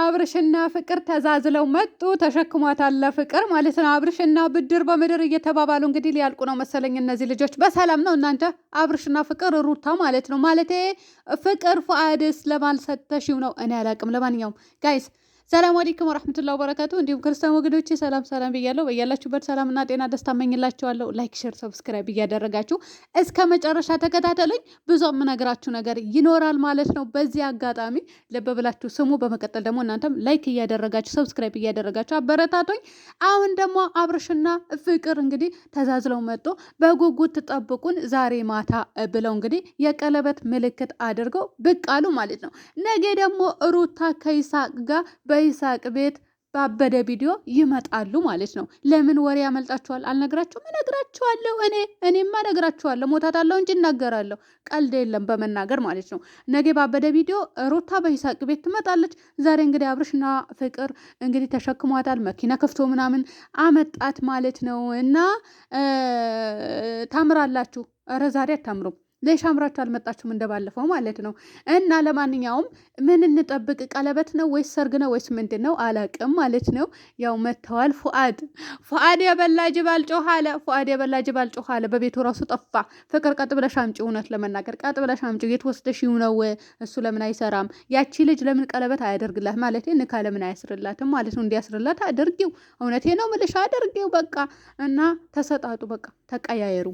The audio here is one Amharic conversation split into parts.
አብርሽና ፍቅር ተዛዝለው መጡ። ተሸክሟታል ፍቅር ማለት ነው። አብርሽና ብድር በምድር እየተባባሉ እንግዲህ ሊያልቁ ነው መሰለኝ እነዚህ ልጆች። በሰላም ነው እናንተ አብርሽና ፍቅር ሩታ ማለት ነው። ማለቴ ፍቅር ፉአድስ ለማን ነው? እኔ አላቅም። ለማንኛውም ጋይስ ሰላም አለይኩም ወራህመቱላሂ ወበረካቱ። እንዲሁም ክርስቲያን ወገኖቼ ሰላም ሰላም ብያለሁ። በያላችሁበት ሰላምና ጤና ደስታ እመኝላችኋለሁ። ላይክ፣ ሼር፣ ሰብስክራይብ እያደረጋችሁ እስከ መጨረሻ ተከታተሉኝ። ብዙ የምነግራችሁ ነገር ይኖራል ማለት ነው። በዚህ አጋጣሚ ልብ ብላችሁ ስሙ። በመቀጠል ደግሞ እናንተም ላይክ እያደረጋችሁ ሰብስክራይብ እያደረጋችሁ አበረታቱኝ። አሁን ደግሞ አብርሽና ፍቅር እንግዲህ ተዛዝለው መጡ። በጉጉት ጠብቁን ዛሬ ማታ ብለው እንግዲህ የቀለበት ምልክት አድርገው ብቅ አሉ ማለት ነው። ነገ ደግሞ ሩታ ከይሳቅ ጋር በይሳቅ ቤት ባበደ ቪዲዮ ይመጣሉ ማለት ነው። ለምን ወሬ ያመልጣችኋል? አልነግራችሁም? እነግራችኋለሁ። እኔ እኔማ እነግራችኋለሁ። ሞታታለሁ እንጂ እናገራለሁ። ቀልድ የለም በመናገር ማለት ነው። ነገ ባበደ ቪዲዮ ሩታ በይሳቅ ቤት ትመጣለች። ዛሬ እንግዲህ አብርሽና ፍቅር እንግዲህ ተሸክሟታል፣ መኪና ከፍቶ ምናምን አመጣት ማለት ነው። እና ታምራላችሁ። ኧረ ዛሬ አታምሩም። ሌሻምራችሁ አልመጣችሁም እንደባለፈው ማለት ነው። እና ለማንኛውም ምን እንጠብቅ? ቀለበት ነው ወይስ ሰርግ ነው ወይስ ምንድን ነው? አላቅም ማለት ነው። ያው መጥተዋል። ፉአድ ፉአድ የበላ ጅብ አልጮኸ አለ። ፉአድ የበላ ጅብ አልጮኸ አለ። በቤቱ ራሱ ጠፋ። ፍቅር ቀጥ ብለሽ አምጪው፣ እውነት ለመናገር ቀጥ ብለሽ አምጪው። የት ወስደሽ ነው? እሱ ለምን አይሰራም? ያቺ ልጅ ለምን ቀለበት አያደርግላት? ማለት ንካ ለምን አያስርላትም ማለት ነው። እንዲያስርላት አድርጊው። እውነቴ ነው ምልሽ አድርጊው። በቃ እና ተሰጣጡ፣ በቃ ተቀያየሩ።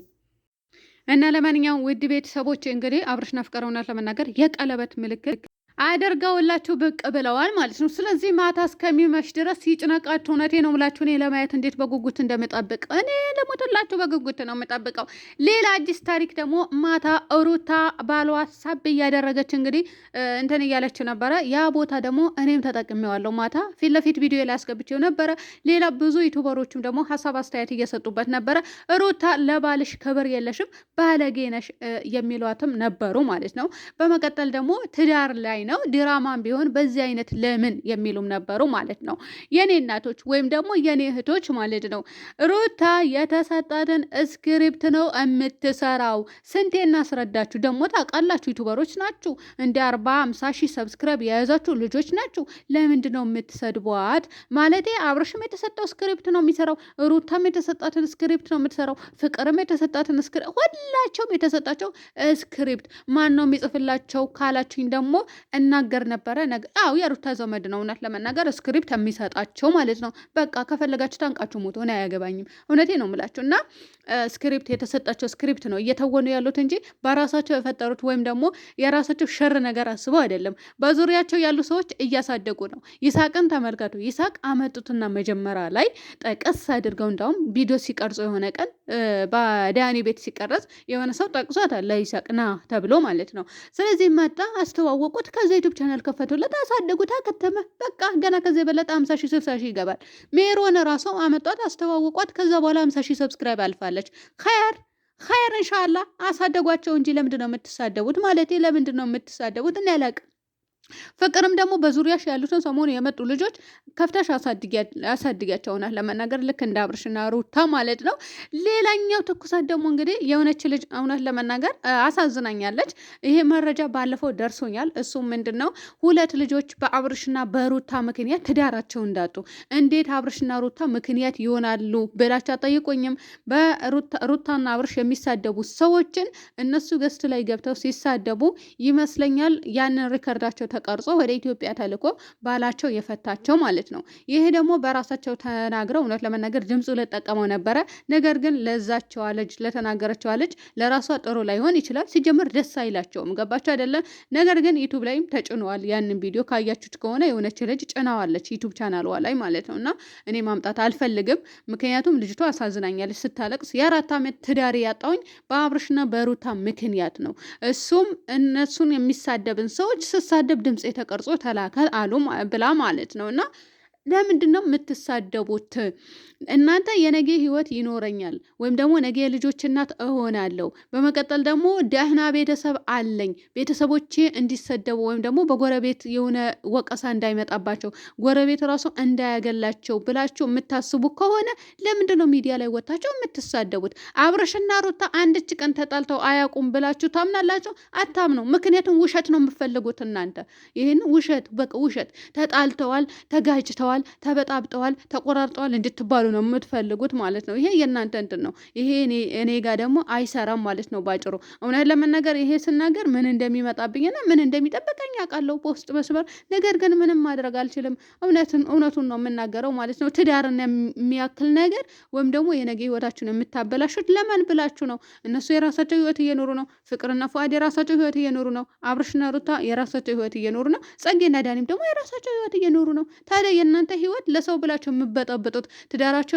እና ለማንኛውም ውድ ቤተሰቦች እንግዲህ አብርሽና ፍቅር እውነት ለመናገር የቀለበት ምልክት አደርገውላችሁ ብቅ ብለዋል ማለት ነው። ስለዚህ ማታ እስከሚመሽ ድረስ ይጭነቃችሁ። እውነቴ ነው የምላችሁ። እኔ ለማየት እንዴት በጉጉት እንደምጠብቅ እኔ ለሞትላችሁ በጉጉት ነው የምጠብቀው። ሌላ አዲስ ታሪክ ደግሞ ማታ ሩታ ባሏ ሳብ እያደረገች እንግዲህ እንትን እያለችው ነበረ። ያ ቦታ ደግሞ እኔም ተጠቅሜዋለሁ። ማታ ፊት ለፊት ቪዲዮ ላይ አስገብቼው ነበረ። ሌላ ብዙ ዩቱበሮችም ደግሞ ሀሳብ አስተያየት እየሰጡበት ነበረ። ሩታ ለባልሽ ክብር የለሽም ባለጌነሽ የሚሏትም ነበሩ ማለት ነው። በመቀጠል ደግሞ ትዳር ላይ ነው ድራማም ቢሆን በዚህ አይነት ለምን የሚሉም ነበሩ ማለት ነው። የኔ እናቶች ወይም ደግሞ የኔ እህቶች ማለት ነው። ሩታ የተሰጣትን ስክሪፕት ነው የምትሰራው። ስንቴ እናስረዳችሁ ደግሞ ታውቃላችሁ። ዩቱበሮች ናችሁ እንደ አርባ አምሳ ሺህ ሰብስክራይብ የያዛችሁ ልጆች ናችሁ። ለምንድ ነው የምትሰድቧት? ማለት አብርሽም የተሰጠው ስክሪፕት ነው የሚሰራው፣ ሩታም የተሰጣትን ስክሪፕት ነው የምትሰራው፣ ፍቅርም የተሰጣትን ስክሪፕት፣ ሁላቸውም የተሰጣቸው ስክሪፕት ማን ነው የሚጽፍላቸው ካላችሁኝ ደግሞ እናገር ነበረ። አዎ የሩታ ዘመድ ነው እውነት ለመናገር ስክሪፕት የሚሰጣቸው ማለት ነው። በቃ ከፈለጋችሁ ታንቃችሁ ሞት ሆነ አያገባኝም። እውነቴ ነው የምላችሁ እና ስክሪፕት የተሰጣቸው ስክሪፕት ነው እየተወኑ ያሉት እንጂ በራሳቸው የፈጠሩት ወይም ደግሞ የራሳቸው ሸር ነገር አስበው አይደለም። በዙሪያቸው ያሉ ሰዎች እያሳደጉ ነው። ይሳቅን ተመልከቱ። ይሳቅ አመጡትና መጀመሪያ ላይ ጠቀስ አድርገው እንዳውም ቪዲዮ ሲቀርጹ የሆነ ቀን በዳኒ ቤት ሲቀረጽ የሆነ ሰው ጠቅሷታል ለይሳቅ ና ተብሎ ማለት ነው። ስለዚህ መጣ አስተዋወቁት። ከዛ ዩቱብ ቻናል ከፈቱለት፣ አሳደጉት፣ አከተመ። በቃ ገና ከዚ የበለጠ አምሳ ሺህ ስልሳ ሺህ ይገባል። ሜሮን ራሷ አመጧት፣ አስተዋውቋት። ከዛ በኋላ አምሳ ሺህ ሰብስክራይብ አልፋለች። ኸይር ኸይር፣ እንሻላ አሳደጓቸው እንጂ ለምንድን ነው የምትሳደቡት? ማለት ለምንድን ነው የምትሳደቡት? እናያላቅ ፍቅርም ደግሞ በዙሪያሽ ያሉትን ሰሞኑ የመጡ ልጆች ከፍተሽ አሳድጊያቸው ለመናገር ልክ እንደ አብርሽና ሩታ ማለት ነው። ሌላኛው ትኩሳት ደግሞ እንግዲህ የሆነች ልጅ እውነት ለመናገር አሳዝናኛለች። ይሄ መረጃ ባለፈው ደርሶኛል። እሱ ምንድን ነው ሁለት ልጆች በአብርሽና በሩታ ምክንያት ትዳራቸው እንዳጡ እንዴት አብርሽና ሩታ ምክንያት ይሆናሉ ብላችሁ አጠይቆኝም። በሩታና አብርሽ የሚሳደቡ ሰዎችን እነሱ ገስት ላይ ገብተው ሲሳደቡ ይመስለኛል ያንን ሪከርዳቸው ተቀርጾ ወደ ኢትዮጵያ ተልኮ ባላቸው የፈታቸው ማለት ነው። ይሄ ደግሞ በራሳቸው ተናግረው እውነት ለመናገር ድምፁ ልጠቀመው ነበረ። ነገር ግን ለዛቸዋ ልጅ ለተናገረቸዋ ልጅ ለራሷ ጥሩ ላይሆን ይችላል። ሲጀምር ደስ አይላቸውም። ገባቸው አይደለም? ነገር ግን ዩቱብ ላይም ተጭኗል ያንን ቪዲዮ ካያችሁት ከሆነ የሆነች ልጅ ጭናዋለች ዩቱብ ቻናልዋ ላይ ማለት ነው። እና እኔ ማምጣት አልፈልግም፣ ምክንያቱም ልጅቷ አሳዝናኛለች ስታለቅስ። የአራት ዓመት ትዳሪ ያጣውኝ በአብርሽና በሩታ ምክንያት ነው። እሱም እነሱን የሚሳደብን ሰዎች ስሳደብ ድምፅ ተቀርጾ ተላከ አሉ ብላ ማለት ነው እና ለምንድን ነው የምትሳደቡት? እናንተ የነገ ህይወት ይኖረኛል ወይም ደግሞ ነገ የልጆች እናት እሆናለሁ፣ በመቀጠል ደግሞ ደህና ቤተሰብ አለኝ፣ ቤተሰቦቼ እንዲሰደቡ ወይም ደግሞ በጎረቤት የሆነ ወቀሳ እንዳይመጣባቸው፣ ጎረቤት ራሱ እንዳያገላቸው ብላችሁ የምታስቡ ከሆነ ለምንድን ነው ሚዲያ ላይ ወታቸው የምትሳደቡት? አብረሽና ሩታ አንድች ቀን ተጣልተው አያውቁም ብላችሁ ታምናላችሁ? አታምነው። ምክንያቱም ውሸት ነው የምፈልጉት እናንተ ይህን ውሸት በቃ ውሸት ተጣልተዋል፣ ተጋጭተዋል ተጣልተዋል፣ ተበጣብጠዋል፣ ተቆራርጠዋል እንድትባሉ ነው የምትፈልጉት ማለት ነው። ይሄ የእናንተ እንትን ነው። ይሄ እኔ ጋር ደግሞ አይሰራም ማለት ነው ባጭሩ። እውነት ለመናገር ይሄ ስናገር ምን እንደሚመጣብኝና ምን እንደሚጠበቀኝ አውቃለሁ በውስጥ መስበር። ነገር ግን ምንም ማድረግ አልችልም። እውነትን እውነቱን ነው የምናገረው ማለት ነው። ትዳርን የሚያክል ነገር ወይም ደግሞ የነገ ህይወታችሁን የምታበላሹት ለማን ብላችሁ ነው? እነሱ የራሳቸው ህይወት እየኖሩ ነው። ፍቅርና ፉአድ የራሳቸው ህይወት እየኖሩ ነው። አብርሽና ሩታ የራሳቸው ህይወት እየኖሩ ነው። ጸጌና ዳኒም ደግሞ የራሳቸው ህይወት እየኖሩ ነው። ታዲያ የእናንተ የእናንተ ህይወት ለሰው ብላቸው የምበጣበጡት ትዳራቸው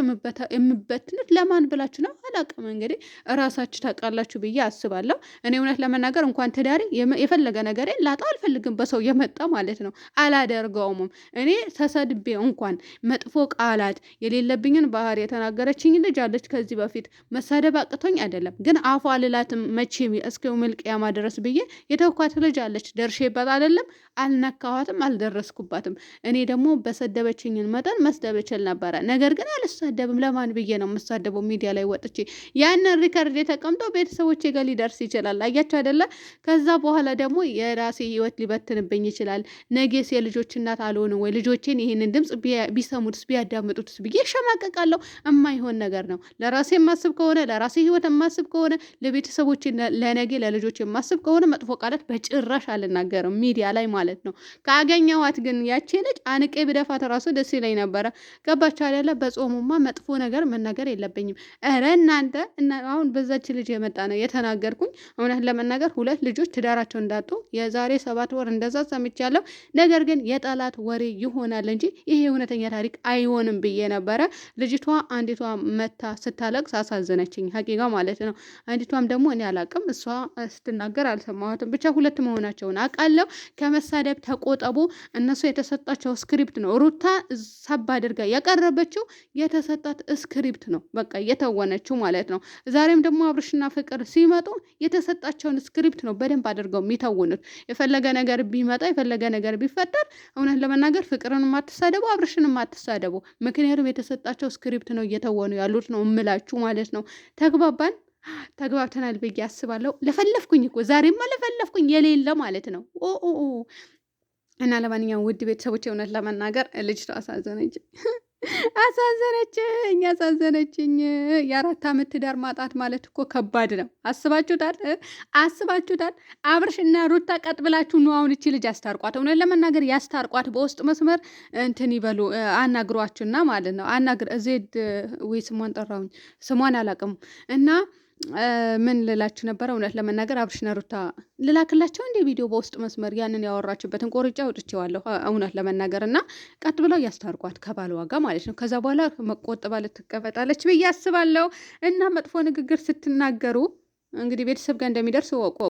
የምበትኑት ለማን ብላችሁ ነው አላውቅም። እንግዲህ እራሳችሁ ታውቃላችሁ ብዬ አስባለሁ። እኔ እውነት ለመናገር እንኳን ትዳሪ የፈለገ ነገር ላጣ አልፈልግም። በሰው የመጣ ማለት ነው አላደርገውምም። እኔ ተሰድቤ እንኳን መጥፎ ቃላት የሌለብኝን ባህሪ የተናገረችኝ ልጅ አለች ከዚህ በፊት መሳደብ አቅቶኝ አይደለም፣ ግን አፏ ልላትም መቼም እስከ ምልቅያማ ድረስ ብዬ የተውኳት ልጅ አለች። ደርሼባት አይደለም አልነካኋትም፣ አልደረስኩባትም። እኔ ደግሞ በሰደበ የሰደበችኝን መጠን መስደብ እችል ነበረ። ነገር ግን አልሳደብም። ለማን ብዬ ነው የምሳደበው? ሚዲያ ላይ ወጥቼ ያንን ሪከርድ የተቀምጦ ቤተሰቦቼ ጋር ሊደርስ ይችላል። አያቸው አይደለ? ከዛ በኋላ ደግሞ የራሴ ህይወት ሊበትንብኝ ይችላል። ነጌስ የልጆች እናት አልሆንም ወይ? ልጆቼን ይህንን ድምፅ ቢሰሙትስ ቢያዳምጡትስ ብዬ እሸማቀቃለሁ። የማይሆን ነገር ነው። ለራሴ የማስብ ከሆነ ለራሴ ህይወት የማስብ ከሆነ ለቤተሰቦቼ፣ ለነጌ፣ ለልጆች የማስብ ከሆነ መጥፎ ቃላት በጭራሽ አልናገርም ሚዲያ ላይ ማለት ነው። ካገኘኋት ግን ያቼ ልጅ አንቄ ብደፋት ራሱ ራሱ ደስ ይለኝ ነበረ። ገባችሁ አይደለ? በጾሙማ መጥፎ ነገር መናገር የለብኝም። ኧረ እናንተ አሁን በዛች ልጅ የመጣ ነው የተናገርኩኝ። እውነት ለመናገር ሁለት ልጆች ትዳራቸው እንዳጡ የዛሬ ሰባት ወር እንደዛ ሰምቻለሁ። ነገር ግን የጠላት ወሬ ይሆናል እንጂ ይሄ እውነተኛ ታሪክ አይሆንም ብዬ ነበረ። ልጅቷ አንዲቷ መታ ስታለቅስ አሳዘነችኝ፣ ሀቂጋ ማለት ነው። አንዲቷም ደግሞ እኔ አላቅም፣ እሷ ስትናገር አልሰማሁትም። ብቻ ሁለት መሆናቸውን አውቃለሁ። ከመሳደብ ተቆጠቡ። እነሱ የተሰጣቸው ስክሪፕት ነው ሩታ ሳብ አድርጋ ያቀረበችው የተሰጣት ስክሪፕት ነው። በቃ የተወነችው ማለት ነው። ዛሬም ደግሞ አብርሽና ፍቅር ሲመጡ የተሰጣቸውን ስክሪፕት ነው በደንብ አድርገው የሚተውኑት። የፈለገ ነገር ቢመጣ የፈለገ ነገር ቢፈጠር፣ እውነት ለመናገር ፍቅርን ማትሳደቡ፣ አብርሽን ማትሳደቡ። ምክንያቱም የተሰጣቸው ስክሪፕት ነው እየተወኑ ያሉት ነው እምላችሁ ማለት ነው። ተግባባን? ተግባብተናል ብዬ አስባለሁ። ለፈለፍኩኝ እኮ ዛሬማ ለፈለፍኩኝ የሌለ ማለት ነው። ኦ እና ለማንኛውም ውድ ቤተሰቦች እውነት ለመናገር ልጅቷ አሳዘነች አሳዘነችኝ አሳዘነችኝ። የአራት ዓመት ትዳር ማጣት ማለት እኮ ከባድ ነው። አስባችሁታል አስባችሁታል። አብርሽና ሩታ ቀጥ ብላችሁ ነው አሁን እቺ ልጅ አስታርቋት። እውነት ለመናገር ያስታርቋት። በውስጥ መስመር እንትን ይበሉ አናግሯችሁና ማለት ነው አናግር ዜድ ወይ ስሟን ጠራውኝ ስሟን አላቅም እና ምን ልላችሁ ነበረ? እውነት ለመናገር አብርሽና ሩታ ልላክላቸው እንዲህ ቪዲዮ በውስጥ መስመር ያንን ያወራችበትን ቆርጬ አውጥቼዋለሁ። እውነት ለመናገር እና ቀጥ ብለው ያስታርቋት ከባል ዋጋ ማለት ነው። ከዛ በኋላ መቆጥባ ልትቀበጣለች ብዬ አስባለሁ። እና መጥፎ ንግግር ስትናገሩ እንግዲህ ቤተሰብ ጋር እንደሚደርስ ወቁ።